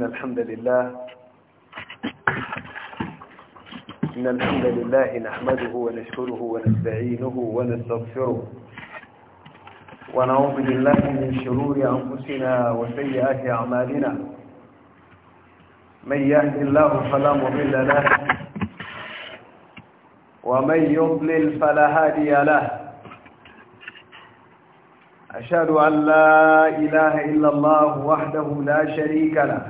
إن الحمد لله إن الحمد لله نحمده ونشكره ونستعينه ونستغفره ونعوذ بالله من شرور أنفسنا وسيئات أعمالنا من يهد الله فلا مضل له ومن يضلل فلا هادي له أشهد أن لا إله إلا الله وحده لا شريك له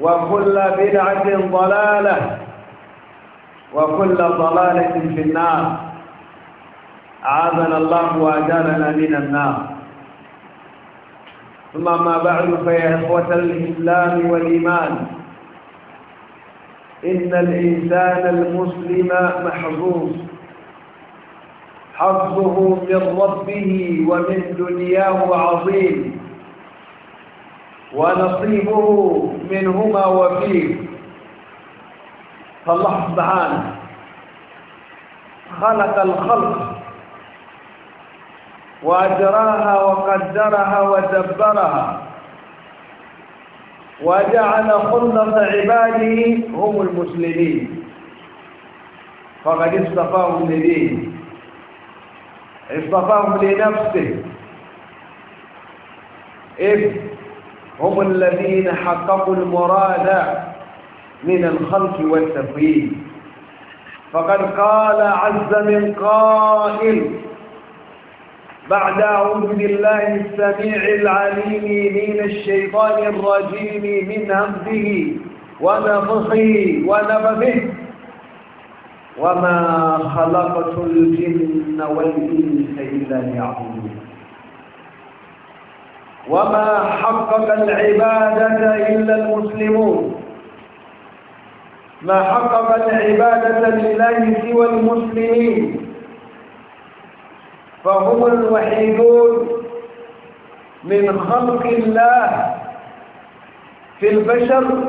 وكل بدعة ضلالة وكل ضلالة في النار أعاذنا الله وأجالنا من النار ثم ما بعد فيا إخوة الإسلام والإيمان إن الإنسان المسلم محظوظ حظه من ربه ومن دنياه عظيم ونصيبه منهما وفيه فالله سبحانه خلق الخلق وأجراها وقدرها ودبرها وجعل خلص عباده هم المسلمين فقد اصطفاهم لدينه اصطفاهم لنفسه إذ هم الذين حققوا المراد من الخلق والتفويض فقد قال عز من قائل بعد أعوذ بالله السميع العليم من الشيطان الرجيم من همزه ونفخه ونفخه وما خلقت الجن والإنس إلا ليعبدون وما حقق العبادة إلا المسلمون ما حقق العبادة لله سوى المسلمين فهم الوحيدون من خلق الله في البشر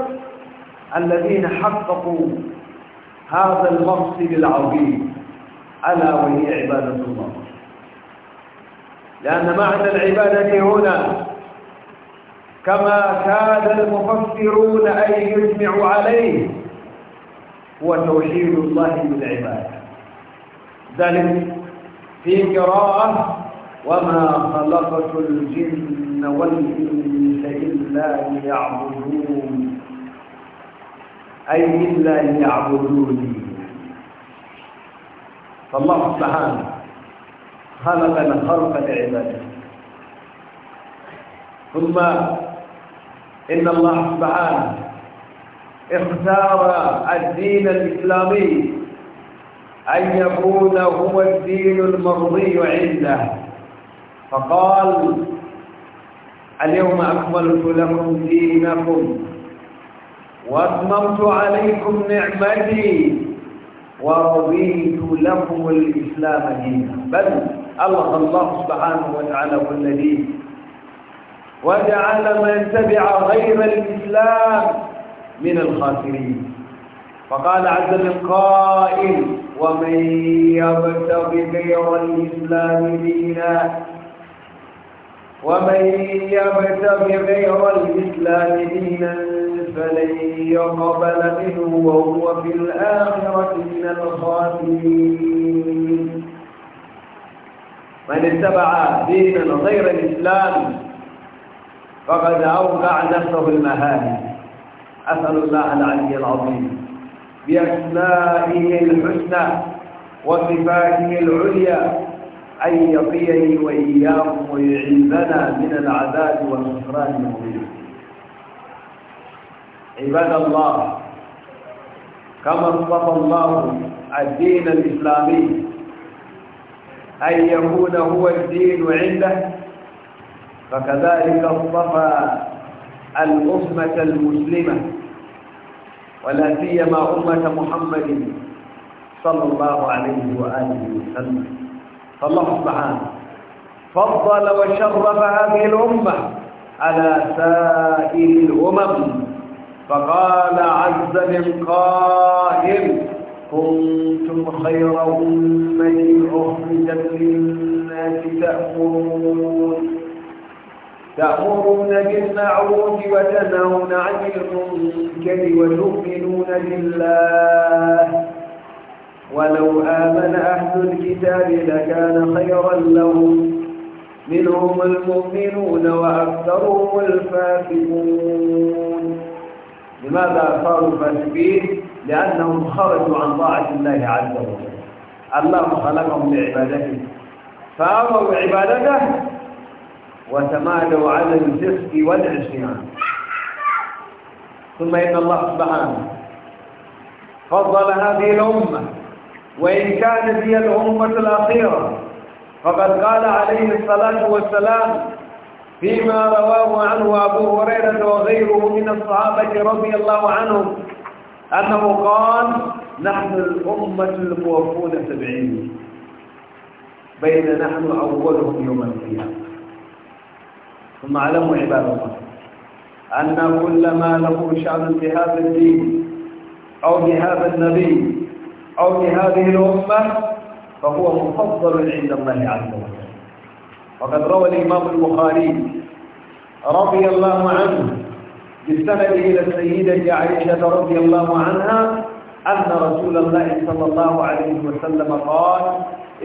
الذين حققوا هذا المقصد العظيم ألا وهي عبادة الله لأن معنى العبادة هنا كما كاد المفسرون أن يجمعوا عليه هو توحيد الله بالعباد ذلك في قراءة وما خلقت الجن والإنس إلا ليعبدون أي إلا ليعبدوني فالله سبحانه خلق الخلق العبادة ثم إن الله سبحانه اختار الدين الإسلامي أن يكون هو الدين المرضي عنده فقال اليوم أكملت لكم دينكم وأتممت عليكم نعمتي ورضيت لكم الإسلام دينا بل الله الله سبحانه وتعالى هو الذي وجعل من تبع غير الإسلام من الخاسرين فقال عز من قائل ومن يبتغي غير الإسلام دينا ومن يبتغي غير الإسلام دينا فلن يقبل منه وهو في الآخرة من الخاسرين من اتبع دينا غير الإسلام فقد أوقع نفسه المهاني أسأل الله العلي العظيم بأسمائه الحسنى وصفاته العليا أن يقيني وإياكم ويعيذنا من العذاب والخسران المبين عباد الله كما اصطفى الله الدين الإسلامي أن يكون هو الدين عنده فكذلك اصطفى الأمة المسلمة ولا سيما أمة محمد صلى الله عليه وآله وسلم فالله سبحانه فضل وشرف هذه الأمة على سائر الأمم فقال عز من قائل كنتم خير أمة أخرجت للناس تأمرون تأمرون بالمعروف وتنهون عن المنكر وتؤمنون بالله ولو آمن أهل الكتاب لكان خيرا لهم منهم المؤمنون وأكثرهم الفاسقون لماذا صاروا فاسقين؟ لأنهم خرجوا عن طاعة الله عز وجل الله خلقهم لعبادته فأمروا عبادته وتمادوا على الفسق والعصيان ثم إن الله سبحانه فضل هذه الأمة وإن كانت هي الأمة الأخيرة فقد قال عليه الصلاة والسلام فيما رواه عنه أبو هريرة وغيره من الصحابة رضي الله عنهم أنه قال نحن الأمة الموفون سبعين بين نحن أولهم يوم القيامة ثم اعلموا عباد الله أن كل ما له شأن بهذا الدين أو بهذا النبي أو بهذه الأمة فهو مفضل عند الله عز وجل وقد روى الإمام البخاري رضي الله عنه بالسند إلى السيدة عائشة رضي الله عنها أن رسول الله صلى الله عليه وسلم قال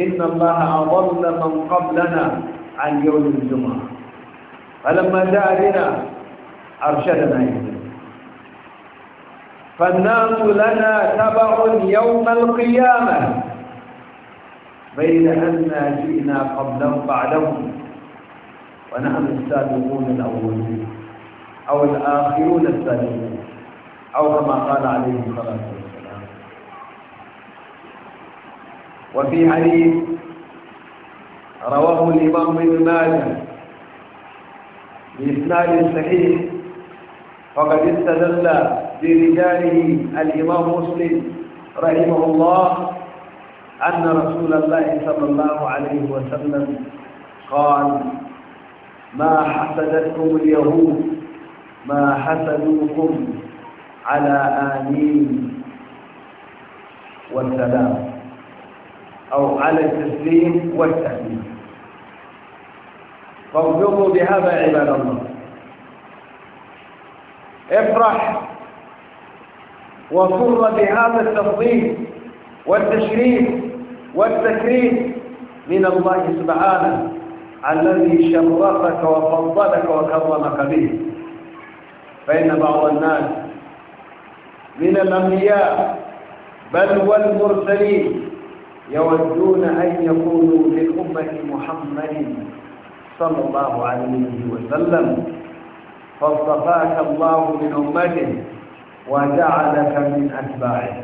إن الله أضل من قبلنا عن يوم الجمعة فلما جاء بنا أرشدنا إليه فالناس لنا تبع يوم القيامة بين أن جئنا قبلهم بعدهم ونحن السابقون الاولين أو الآخرون السابقون أو كما قال عليه الصلاة والسلام وفي حديث رواه الإمام ابن ماجه بإسناد صحيح وقد استدل برجاله الإمام مسلم رحمه الله أن رسول الله صلى الله عليه وسلم قال ما حسدتكم اليهود ما حسدوكم على آمين والسلام أو على التسليم والتأمين فانفضوا بهذا عباد الله افرح وفر بهذا التفضيل والتشريف والتكريم من الله سبحانه الذي شرفك وفضلك وكرمك به فإن بعض الناس من الأنبياء بل والمرسلين يودون أن يكونوا للأمة محمد صلى الله عليه وسلم فاصطفاك الله من أمته وجعلك من أتباعه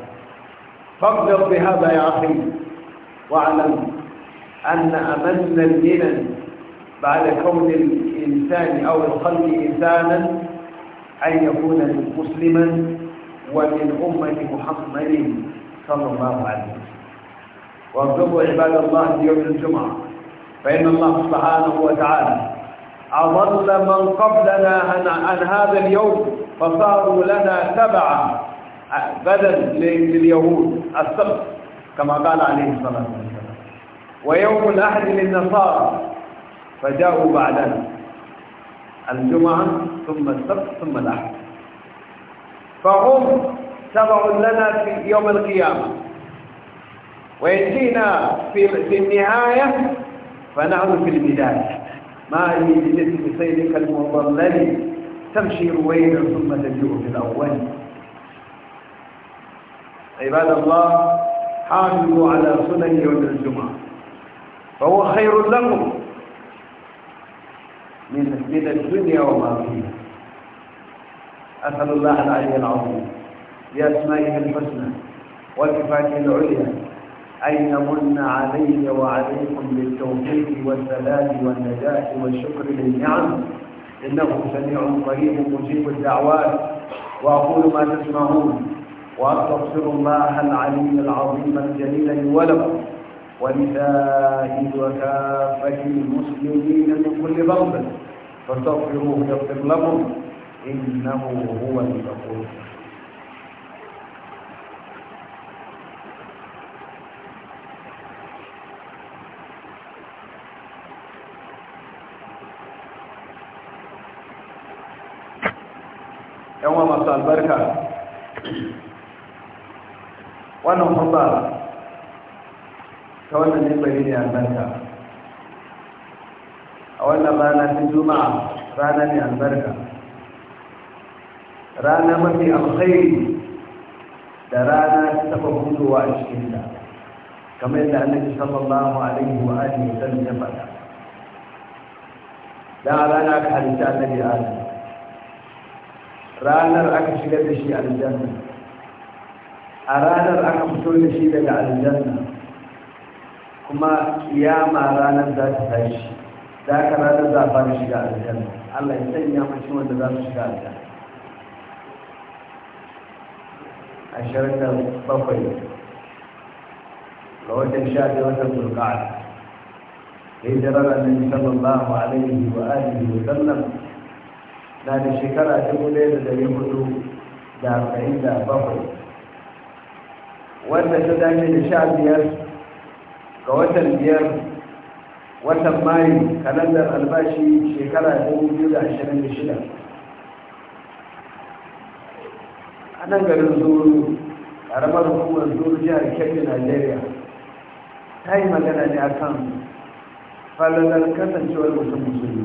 فاقدر بهذا يا أخي واعلم أن أمن المنن بعد كون الإنسان أو الخلق إنسانا أن يكون مسلما ومن أمة محمد صلى الله عليه وسلم واغضبوا عباد الله في يوم الجمعة فإن الله سبحانه وتعالى أضل من قبلنا عن, عن هذا اليوم فصاروا لنا تبعا بدل لليهود السبت كما قال عليه الصلاة والسلام ويوم الأحد للنصارى فجاءوا بعدنا الجمعة ثم السبت ثم الأحد فهم تبع لنا في يوم القيامة ويأتينا في النهاية فنحن في البلاد ما هي التي سيدك المضلل تمشي رويدا ثم تجيء في الأول عباد الله حافظوا على سنن يوم الجمعة فهو خير لكم من من الدنيا وما فيها أسأل الله العلي العظيم بأسمائه الحسنى وصفاته العليا أن يمن علي وعليكم بالتوفيق والسلام والنجاة والشكر للنعم إنه سميع قريب مجيب الدعوات وأقول ما تسمعون وأستغفر الله العلي العظيم الجليل لي ولكم ولسائر وكافة المسلمين من كل ضرب فاستغفروه يغفر لكم إنه هو الغفور albarka wannan hamba ta wannan nufari ne albarka a wannan rana ta juma'a rana ne albarka rana mafi alkhairi da rana ta taba hudowa a cikin da kamar yadda annabi sallallahu alaihi wa alihi wa sallam ya faɗa da rana ka halitta annabi adam ranar aka shigar da shi aljanna a ranar aka fito da shi daga aljanna kuma kiyama ranar za ta tashi za ka ranar za fara shiga aljanna Allah ya sanya mace wanda za su shiga aljanna ashirin da bakwai ga watan sha biyu watan zulka'a hijirar annabi sallallahu alaihi wa alihi wa sallam na da shekara dubu ɗaya da dari hudu da arba'in da bakwai wanda ta dace da sha biyar ga watan biyar watan mayu kalandar albashi shekara dubu biyu da ashirin da shida a nan garin zuru ƙaramar hukumar zuru jihar kebbi najeriya ta yi magana ne akan falalar kasancewar mutum musulmi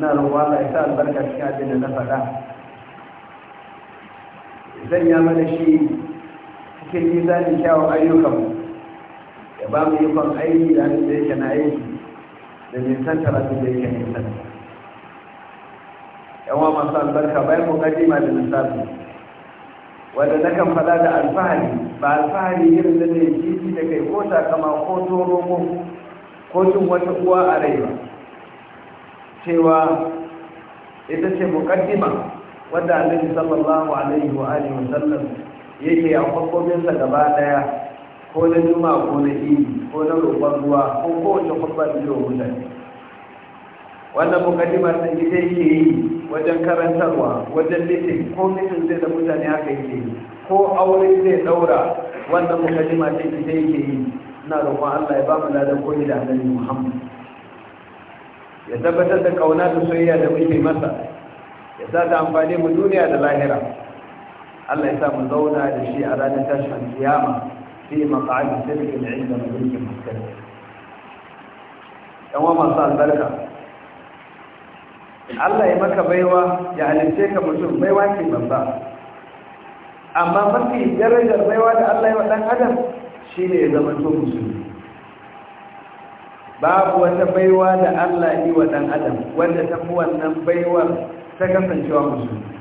na roƙon Allah ya sa albarka cikin abin da na faɗa zan ya mana shi cikin nizanin kyawun ayyukanmu ya ba mu ikon aiki da abin da yake na aiki da nisantar abin da yake nisantar yawa masu albarka bayan mukaddima da misali wanda na kan faɗa da alfahari ba alfahari irin da ne jiji da kai ko takama ko toro ko tun wata uwa a rai ba cewa ita ce mukaddima wadda annabi sallallahu alaihi wa alihi wa sallam yake a kwakwaminsa gaba daya ko na juma ko na iri ko na roƙon ruwa ko kowace kwakwan biyu mutane wannan mukaddima ta ita yake yi wajen karantarwa wajen litin ko mitin sai da mutane haka yake yi ko aure zai daura wannan mukaddima ta ita yake yi na roƙon Allah ya ba mu ladan koyi da annabi Muhammad ya tabbatar da kauna da soyayya da muke masa ya sa ta amfani mu duniya da lahira Allah ya sa mu zauna da shi a ranar tashin kiyama fi maq'adi sirrin 'inda malikin mutakallif yan wa masu albarka Allah ya maka baiwa ya halice ka mutum baiwa ce babba amma mafi darajar baiwa da Allah ya wa dan adam shine ya zama to musulmi babu wata baiwa da Allah yi wa ɗan adam wanda ta fi wannan baiwar ta kasancewa musulmi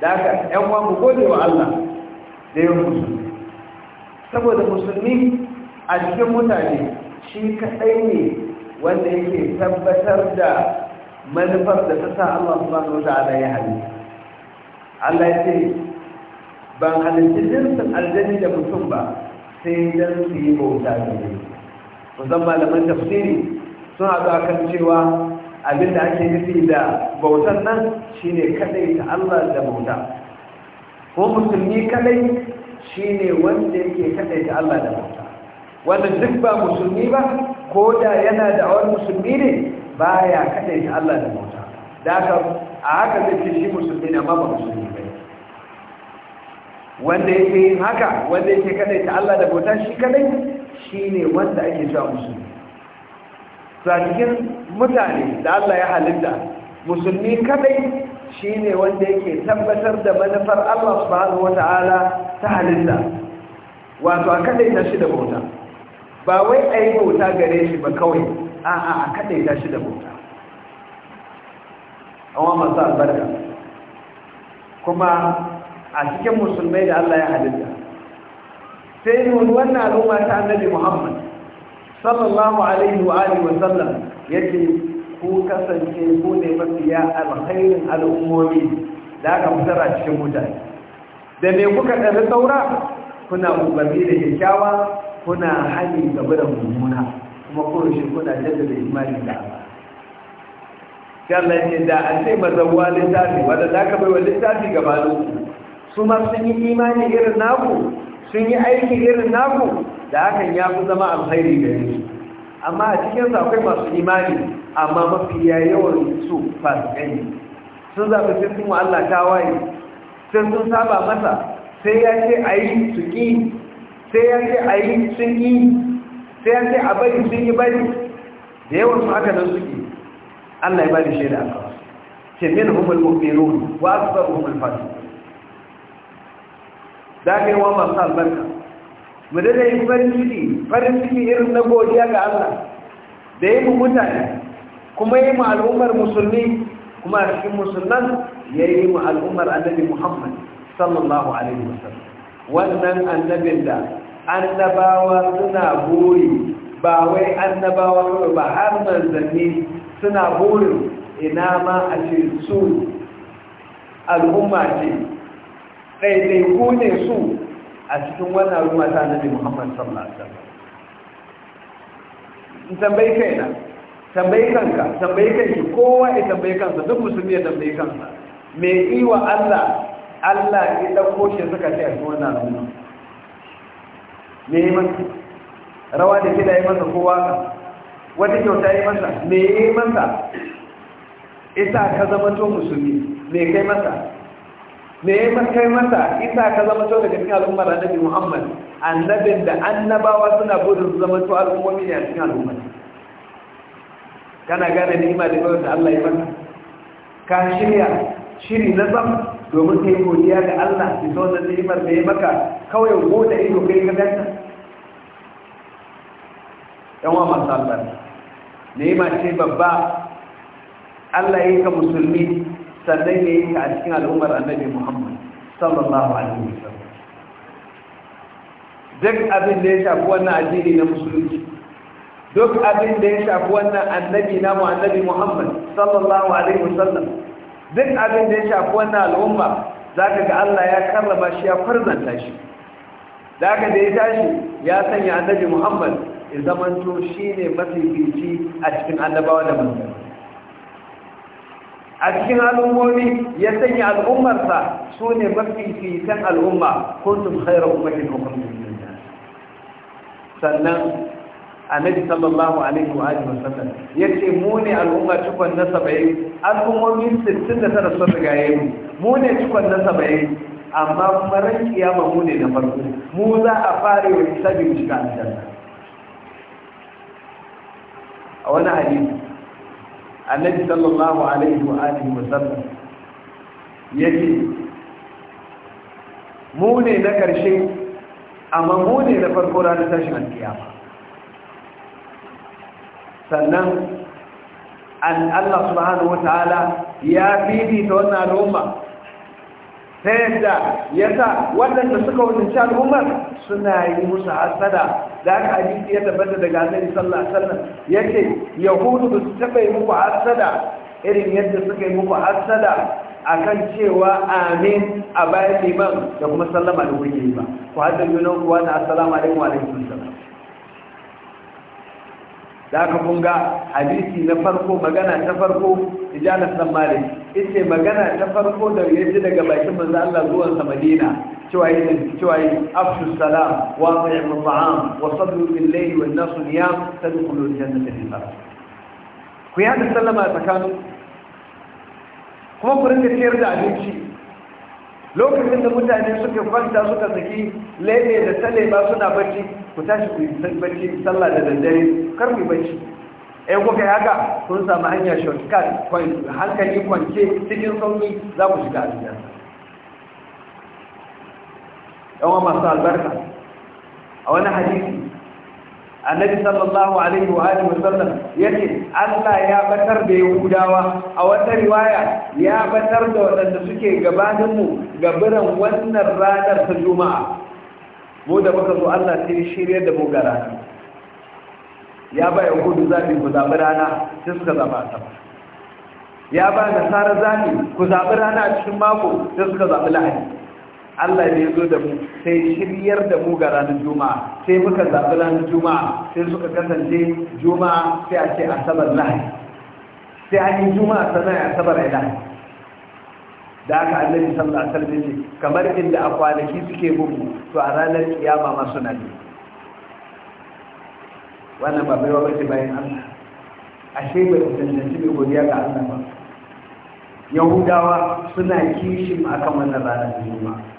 da aka ‘yan wamu gode wa Allah da yin musulmi saboda musulmi a cikin mutane shi kaɗai ne wanda yake tabbatar da manufar da ta sa Allah subhanahu wa ta'ala ya Allah ya ce ban halitta jinsin aljani da mutum ba sai dan su yi bauta da ne zan malaman tafsiri suna haɗu kan cewa abinda ake nufi da bautan nan shine kadai ta Allah da bauta ko musulmi kadai shine wanda yake kadai ta Allah da bauta wanda duk ba musulmi ba ko da yana da awar musulmi ne baya kadai ta Allah da bauta da haka a haka zai ce shi musulmi ne amma ba musulmi ba wanda yake yin haka wanda yake kadai ta Allah da bauta shi kadai Shi ne wanda ake cewa musulmi cikin mutane da Allah ya halitta musulmi kadai shine wanda yake tabbatar da manufar Allah subhanahu wata'ala ta halitta wato a kadai ta shi da bauta ba wai a yi bauta gare shi ba kawai a'a a kadai ta shi da bauta amma masu albarka kuma a cikin musulmai da Allah ya halitta sai ne wani wannan al'umma ta annabi muhammad sallallahu alaihi wa alihi wa sallam yake ku kasance ku ne mafiya alkhairin al'ummomi da aka fitar a cikin mutane da me kuka ɗari saura kuna umarni da kyakkyawa kuna hani gaba da mummuna kuma shi kuna da imani da Allah kyallon ne da an ce mazawa littafi wadda za ka bai wa littafi gabanin su ma sun yi imani irin naku sun yi aiki irin naku da hakan ya fi zama alkhairi da su amma a cikin akwai masu imani amma mafi ya yawan su fasikai sun zafi sai sun wa Allah tawaye sai sun saba masa sai ya ce a yi su ƙi sai ya ce a yi sun ƙi sai ya ce a bari sun yi bari da yawan su aka nan suke Allah ya bari shaida a kawai ce min mafi ruru wa asbaru humul fasiqun za ka yi wa masu albarka mu da yi farin ciki farin ciki irin na godiya ga Allah da yi mu mutane kuma yi mu al'ummar musulmi kuma a cikin musulman ya yi mu al'ummar annabi Muhammad sallallahu alaihi wasallam wannan annabin da annabawa suna buri ba wai annabawa kawai ba har manzanni suna burin ina ma a ce su al'umma ce ɗaiɗaiku ne su a cikin wannan ruwa ta nabi muhammad sallallahu alaihi wasallam in tambayi kaina tambayi kanka tambayi kanki kowa ya tambayi kansa duk musulmi ya tambayi kansa me yi wa allah allah ya ɗauko shi suka ce a cikin wannan ruwa me yi masa rawa da da yi masa kowa ka wata kyauta yi masa me yi masa ita ka zama to musulmi me kai masa me ya makai masa isa ka zama to daga cikin da annabi muhammad annabin da annabawa suna gudun su zama to al'ummomi ne a cikin al'umma kana gane ma da kawai da allah ya maka ka shirya shiri na zam domin ka yi godiya ga allah ki zo da ni'imar da ya maka kawai gode ido kai ka ganta yan wa masu ne ni'ima ce babba allah ya yi ka musulmi sannan ya yi a cikin al'ummar annabi muhammad sallallahu alaihi wasallam duk abin da ya shafi wannan addini na musulunci duk abin da ya shafi wannan annabi na mu annabi muhammad sallallahu alaihi wasallam duk abin da ya shafi wannan al'umma zaka ga Allah ya karrama shi ya farzanta shi da haka da ya tashi ya sanya annabi muhammad ya zamanto shine mafifici a cikin annabawa da manzanni a cikin al'ummomi ya sanya al'ummarsa su ne mafi fitan al'umma kuntum khairu ummatin ukhrijat lin-nas sannan annabi sallallahu alaihi wa alihi wasallam yace mu ne al'umma cikon na 70 al'ummomi 69 sun riga yayi mu ne cikon na 70 amma kuma kiyama mu ne na farko mu za a fare wa hisabi shiga aljanna a wani hadisi annabi sallallahu alaihi wa alihi wa sallam yake mu ne na karshe amma mu ne na farko ranar tashin alkiyama sannan an Allah subhanahu wa ta'ala ya fifita wannan al'umma ta yadda ya sa waɗanda suka wuce al'ummar suna yi musu hasada da haka hadisi ya tabbata daga annabi sallallahu alaihi wasallam yake yahudu ba su taɓa yi muku hasada irin yadda suka yi muku hasada akan cewa amin a bayan liman da kuma sallama da wuri ba ku hada yunan kuwa na assalamu alaikum wa alaikum salam da aka kunga hadisi na farko magana ta farko ijalas dan malik ita magana ta farko da yadda daga bakin manzo Allah zuwan sa Madina شوائد شوائد أفشوا السلام wa الطعام وصلوا بالليل والناس نيام تدخلوا الجنة بفرح قيادة سلم أتكانوا kuma ku rinka ciyar da abinci lokacin da mutane suke kwanta suka saki lebe da tale ba suna bacci ku tashi ku yi bacci sallah da daddare kar ku bacci ɗan eh, kuka yi haka kun samu hanyar shortcut hankali kwance cikin sauki za ku shiga aljanna wa masu albarka a wani hadisi annabi sallallahu alaihi wa alihi wasallam ce Allah ya batar da Yahudawa a wata riwaya ya batar da waɗanda suke gabanin mu gaburan wannan ranar ta Juma'a mu da muka zo Allah sai shirye da mu ga rana ya ba Yahudu zabi ku zabi rana sai suka zaba ta ya ba Nasara zabi ku zabi rana a cikin mako sai suka zabi Lahadi Allah ne zo da mu sai shiryar da mu ga ranar juma'a sai muka zaɓi ranar juma'a sai suka kasance juma'a sai a ce asabar lahi sai an yi juma'a sannan asabar lahi da aka annabi sallallahu alaihi wasallam ce kamar inda a kwanaki suke bugu to a ranar kiyama ma suna ne wannan ba baiwa bace bayan Allah ashe bai tantance mai godiya ga Allah ba Yahudawa suna kishin akan wannan ranar juma'a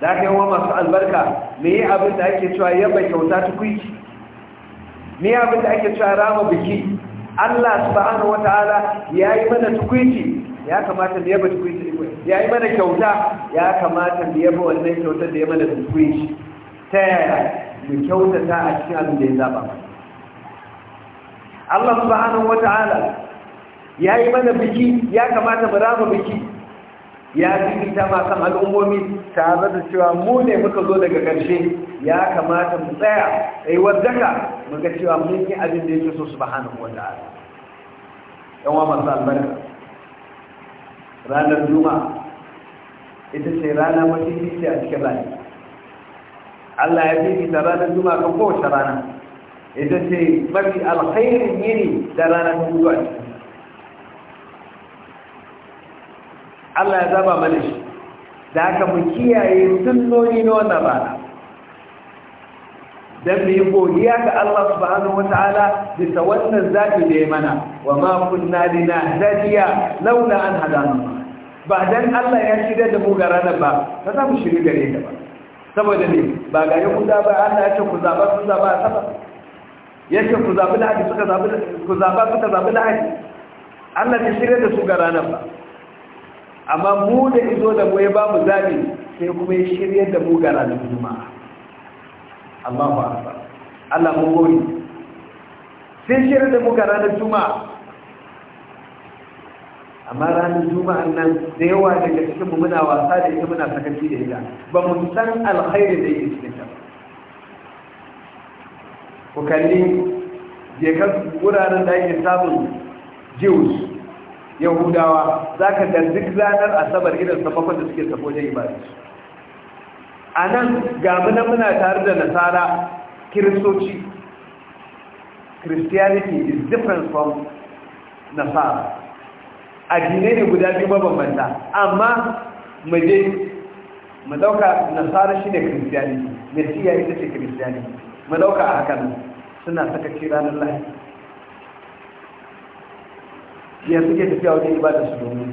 da aka yawa masu albarka me yi abin da ake cewa yaba kyauta tukwici? me yi abin da ake cewa rama biki allah subhanahu ala ya yi mana tukuici ya kamata da yaba tukuici ya yi mana kyauta ya kamata da yaba wannan kyautar da ya mana tukwici. ta yaya mu kyautata a cikin abin da ya zaba Allah subhanahu ala ya yi mana biki ya kamata mu rama biki ya fi ita ma kan al'ummomi tare da cewa mu ne muka zo daga ƙarshe ya kamata mu tsaya a yi mu muka cewa mun yi abin da yake so su bahana wanda ala yan wa masu albarka ranar juma ita ce rana mafi fice a cikin rani Allah ya fi ta ranar juma kan kowace rana ita ce mafi alkhairin yini da ranar juma a cikin Allah ya zaba mana shi da aka mu kiyaye sunnoni na wannan rana dan mu yi godiya ga Allah subhanahu wataala bisa wannan zabi da ya mana wa ma kunna linahtadiya laula an hadana ba dan Allah ya shirya da mu ga ranar ba ba za mu shiri gare ta ba saboda ne ba gare ku da ba Allah ya ce ku zaba ku zaba saba yace ku zabi lahadi suka zabi ku zaba suka zabi lahadi Allah ya shirya da su ga ranar ba amma mu da izo da mu ya ba mu zabi sai kuma ya shirya da mu da ranar juma'a ba ba, Allah mu gori sai shirya da mu gara da juma'a amma ranar juma'a nan da yawa daga cikin mu muna wasa da ita muna sakaci da ita ba mu san alkhairi da yake cikin ta ku kalli je kan wuraren da ake samun jews yahudawa za ka ga duk ranar asabar irin sabakon da suke sabo da ibadu a nan ga muna muna tare da nasara kiristoci christianity is different from nasara addinai ne guda biyu mabambanta amma maje mu nasara nasara ne christianity mesiya ita ce christianity mu ɗauka a hakan suna saka ranar lahadi ya suke tafiya wajen ibada su domin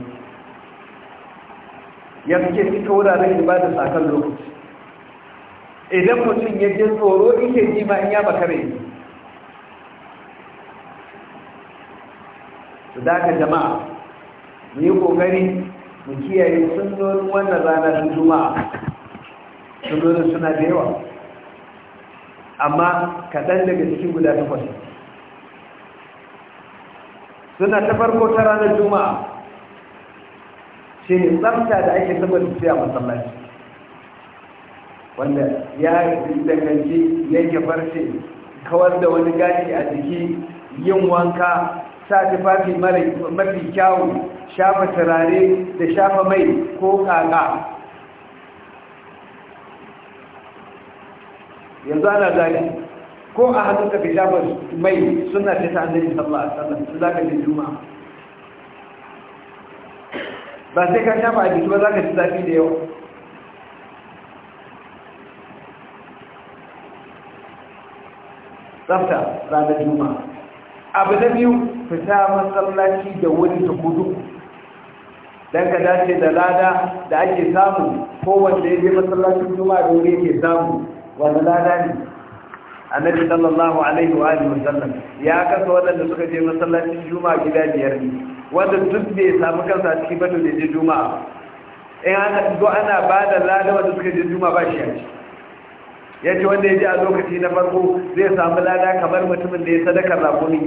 ya suke fita wuraren ibada su akan lokaci idan mutum ya je tsoro ike ji ma in ya bakare su daga jama'a mu yi kokari mu kiyaye sunnonin wannan ranar ta juma'a sunnonin suna da yawa amma kaɗan daga cikin guda takwas suna ta farko ta ranar juma'a shi ne tsafta da ake saba tafiya masallaci wanda ya danganci yanke farce kawar da wani gashi a jiki yin wanka sa tufafi mafi kyawu shafa turare da shafa mai ko kaka yanzu ana zagi ko a hannunka ka shafa mai suna ce ta annabi sallallahu alaihi wasallam su zaka ji juma ba sai ka shafa a jiki ba zaka ji zafi da yawa tsafta ranar juma abu na biyu fita masallaci da wuri ta kudu don ka dace da lada da ake samu ko wanda ya je masallacin juma da wuri ke samu wanda lada ne annabi sallallahu alaihi wa alihi wasallam ya kasa wadanda suka je masallacin juma'a gida biyar ne wanda duk bai samu kansa ciki ba to da je juma'a in ana zo ana ba da lada wanda suka je juma'a ba shi yaci ya ce wanda ya je a lokaci na farko zai samu lada kamar mutumin da ya sadaka rakuni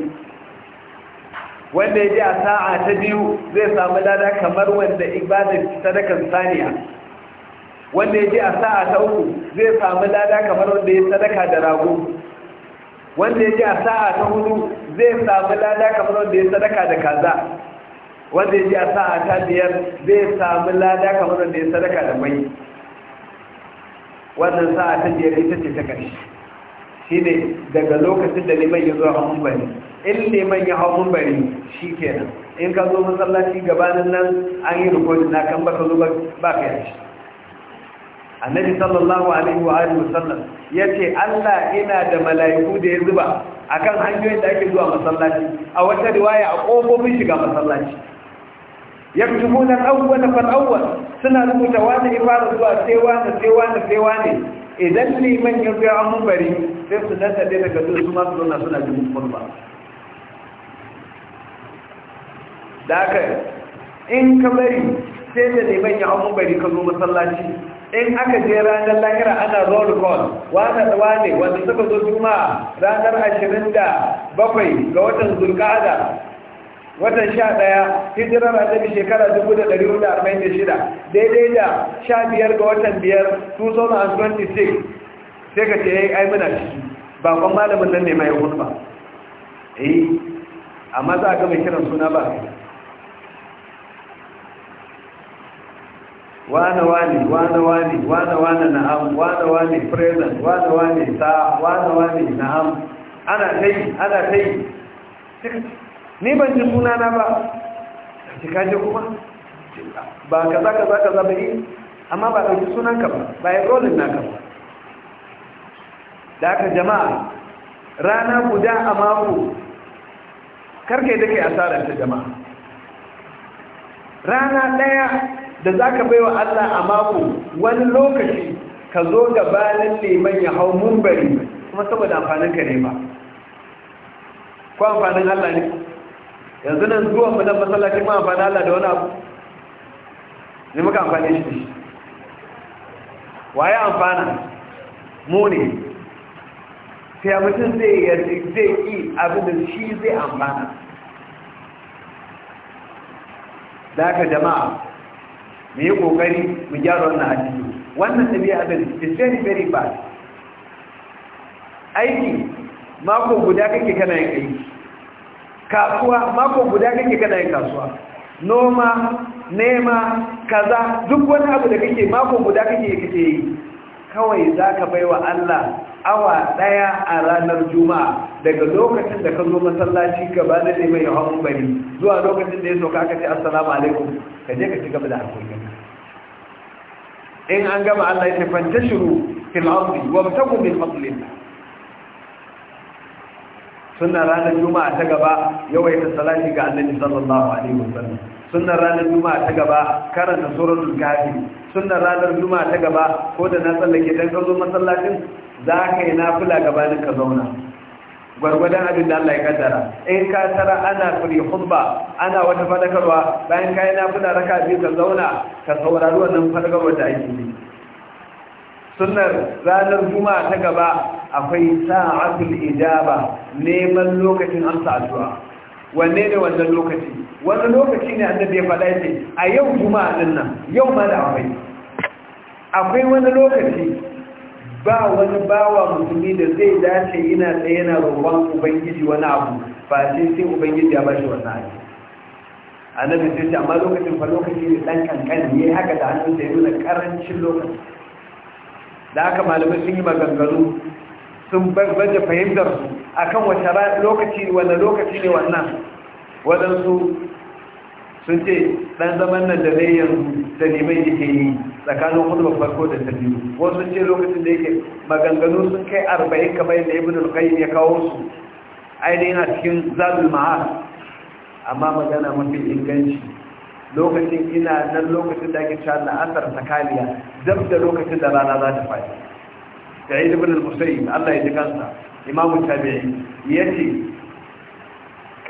wanda ya je a sa'a ta biyu zai samu lada kamar wanda ibadar sadakar saniya wanda ya je a sa'a ta uku zai samu lada kamar wanda ya sadaka da rago wanda ya je a sa'a ta hudu zai samu lada kamar wanda ya sadaka da kaza wanda ya je a sa'a ta biyar zai samu lada kamar wanda ya sadaka da mai wannan sa'a ta biyar ita ce ta ƙarshe shi ne daga lokacin da liman ya zo a hannun bari in liman ya hannun bari shi kenan in ka zo masallaci gabanin nan an yi rikodin na kan baka zo ba ka yashi annabi sallallahu alaihi wa alihi wasallam yace Allah ina da mala'iku da ya zuba akan hanyoyin da ake zuwa masallaci a wata riwaya a kofofin shiga masallaci yaktubuna awwal fa awwal suna rubuta wani ibara zuwa sai wani sai wani sai wani idan liman ya ga an bari sai su dasa da daga su kuma su na suna jin kurba da haka in ka bari sai da liman ya an bari ka zo masallaci in aka je ranar lahira ana roll call wata tsawa ne wanda suka zo juma'a ranar ashirin da bakwai ga watan zulkada watan sha ɗaya hijirar annabi shekara dubu da dari hudu arba'in da shida daidai da sha biyar ga watan biyar 2026 sai ka ce ya eh, yi aimuna ciki ba kwan malamin nan ne mai hudu ba eh amma za a gama kiran suna ba wane wane wane wane wane wane na'am wane wane present wane wane ta wane wane am? ana kai ana kai ni ban ji suna na ba ki kaje kuma ba kaza kaza kaza yi? amma ba ji sunan ka ba ba ya rolin ka ba da aka jama'a rana guda a mako karkai da kai asarar ta jama'a rana ɗaya da za ka baiwa Allah a mako wani lokaci ka zo gabanin neman ya hau mumbari kuma saboda amfanin ka ne ba ko amfanin Allah ne yanzu nan zuwa mu na masallaci ma amfanin Allah da wani abu ne muka amfani shi waye amfana mu ne sai mutum zai yarda zai yi abin da shi zai amfana da haka jama'a mu yi kokari mu gyara wannan hadisi wannan tabi'a da is very very bad aiki mako guda kake kana yin aiki kasuwa mako guda kake kana yin kasuwa noma nema kaza duk wani abu da kake mako guda kake kake yi kawai zaka baiwa Allah awa daya a ranar juma'a daga lokacin da ka zo masallaci gaba da ne mai hawan bari zuwa lokacin da ya sauka aka ce assalamu alaikum ka je ka ci gaba da harkokin in an gama Allah ya ce shiru, fil ardi wabtagu min fadlillah sunna ranar juma'a ta gaba ta salati ga annabi sallallahu alaihi wasallam sunna ranar juma'a ta gaba karanta suratul kahfi sunna ranar juma'a ta gaba ko da na tsallake dan ka zo masallacin za ka yi nafila gabanin ka zauna gwargwadon abin da Allah ya kaddara in ka tara ana firi khutba ana wata fadakarwa bayan ka yi nafula raka biyu ka zauna ka saurari wannan fadakarwa da ake yi sunnar ranar juma ta gaba akwai sa'atul ijaba neman lokacin amsa addu'a wanne ne wannan lokaci wani lokaci ne annabi ya faɗa yace a yau juma'a dinnan nan yau ma da akwai akwai wani lokaci ba wani bawa musulmi da zai dace yana tsaye yana roƙon ubangiji wani abu ba sai sai ubangiji ya bashi wannan abu annabi sai ce amma lokacin fa lokaci ne dan kankan ne haka da hannun da ya nuna karancin lokaci da haka malamai sun yi maganganu sun baje fahimtar su akan wace lokaci wani lokaci ne wannan waɗansu sun ce ɗan zaman nan da zai yanzu da neman yake yi tsakanin hudu farko da ta biyu wasu ce lokacin da yake maganganu sun kai arba'in kamar yadda ibn al-qayyim ya kawo su ainihin a cikin zadul ma'ar amma magana mafi inganci lokacin ina nan lokacin da ake cewa asar sakaliya dab da lokacin da rana za ta faɗi da ibn al-musayyib Allah ya ji kansa imamu tabi'i yace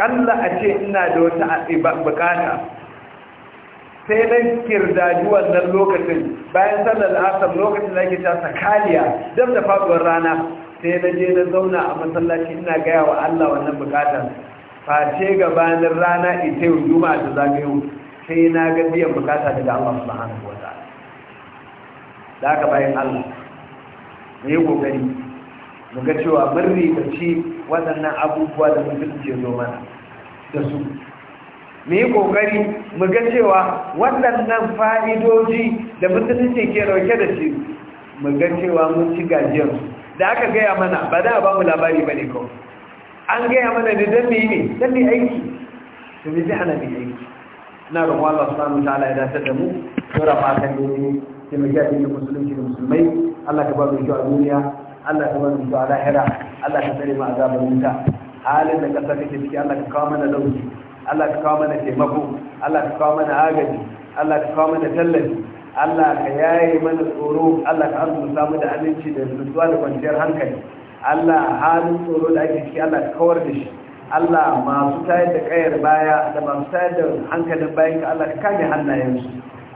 kalla a ce ina da wata bukata sai dan kirdaji wannan lokacin bayan sallar asar lokacin da ke ta sakaliya dab da faduwar rana sai na je na zauna a masallaci ina gaya wa Allah wannan bukatar face gabanin rana ita yau juma'a da zagayo sai na ga biyan bukata daga Allah subhanahu wa wata da aka bayan Allah ne kokari mu ga cewa mun rikaci waɗannan abubuwa da mutum ke zo mana da su mu yi ƙoƙari mu ga cewa waɗannan fa'idoji da musulunci ke dauke da shi mu ga cewa mun ci su, da aka gaya mana ba da ba mu labari ba ne kawai an gaya mana da don yi ne don mai aiki su bi ana mai aiki na roƙon Allah su samu ta ya dace da mu tura fatan da ne ke mu ga musulunci da musulmai Allah ka ba mu kyau a duniya Allah ka bani su a lahira Allah ka tsare mu azabar wuta halin da kasa kake ciki Allah ka kawo mana lauki Allah ka kawo mana taimako Allah ka kawo mana agaji Allah ka kawo mana tallafi Allah ka yaye mana tsoro Allah ka arzuta mu da aminci da nutsuwa da kwanciyar hankali Allah halin tsoro da ake ciki Allah ka kawar da shi Allah masu tayar da kayar baya da masu tayar da hankalin bayan ka Allah ka kame hannayensu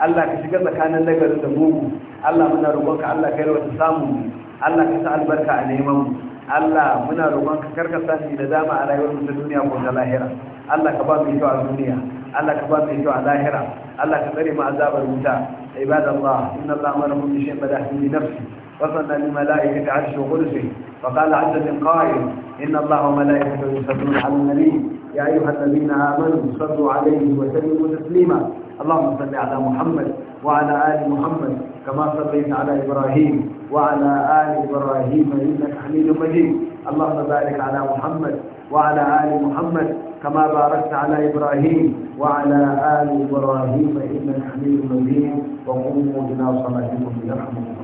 Allah ka shiga tsakanin nagarin da mugu Allah muna roƙonka Allah ka yi wata samu Allah ka sa albarka a neman mu Allah muna roƙon ka karka sa ni da dama a rayuwar mu ta duniya ko ta lahira Allah ka ba mu kyau a duniya Allah ka ba mu kyau a lahira Allah ka tsare mu azabar wuta ibadallah inna Allah amara mu bi shay'in badahi bi nafsi wa sanna lil malaikati 'arshu qudsi wa qala 'azza min qa'il inna Allah wa malaikatahu yusalluna 'ala an-nabi ya ayyuha alladhina amanu sallu 'alayhi wa sallimu taslima اللهم صل على محمد وعلى آل محمد كما صليت على إبراهيم وعلى آل إبراهيم إنك حميد مجيد اللهم بارك على محمد وعلى آل محمد كما باركت على إبراهيم وعلى آل إبراهيم إنك حميد مجيد وقوموا بنا صلاتكم يرحمكم